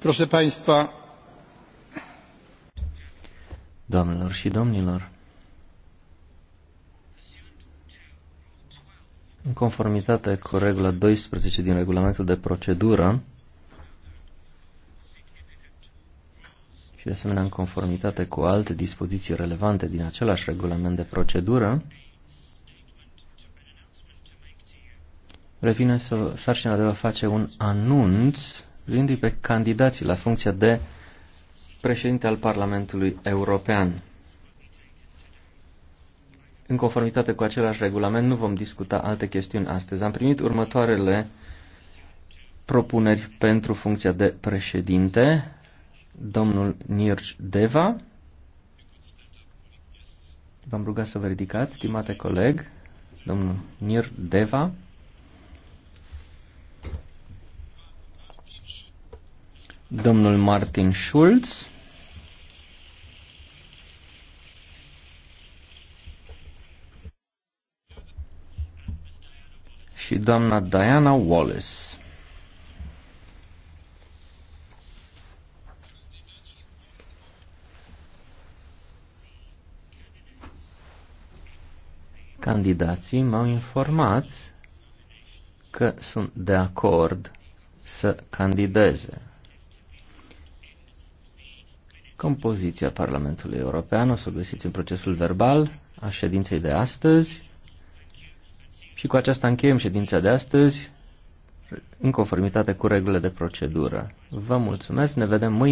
Proszę Państwa. Doamnelor și domnilor, în conformitate cu regula 12 din regulamentul de procedură și de asemenea în conformitate cu alte dispoziții relevante din același regulament de procedură, revine să, sarcina de a face un anunț privind pe candidații la funcția de președinte al Parlamentului European. În conformitate cu același regulament, nu vom discuta alte chestiuni astăzi. Am primit următoarele propuneri pentru funcția de președinte. Domnul Nirj Deva. V-am rugat să vă ridicați, stimate coleg. Domnul Nir Deva. domnul Martin Schulz. și doamna Diana Wallace. Candidații m-au informat că sunt de acord să candideze. Compoziția Parlamentului European o să o găsiți în procesul verbal a ședinței de astăzi. Și cu aceasta încheiem ședința de astăzi în conformitate cu regulile de procedură. Vă mulțumesc, ne vedem mâine.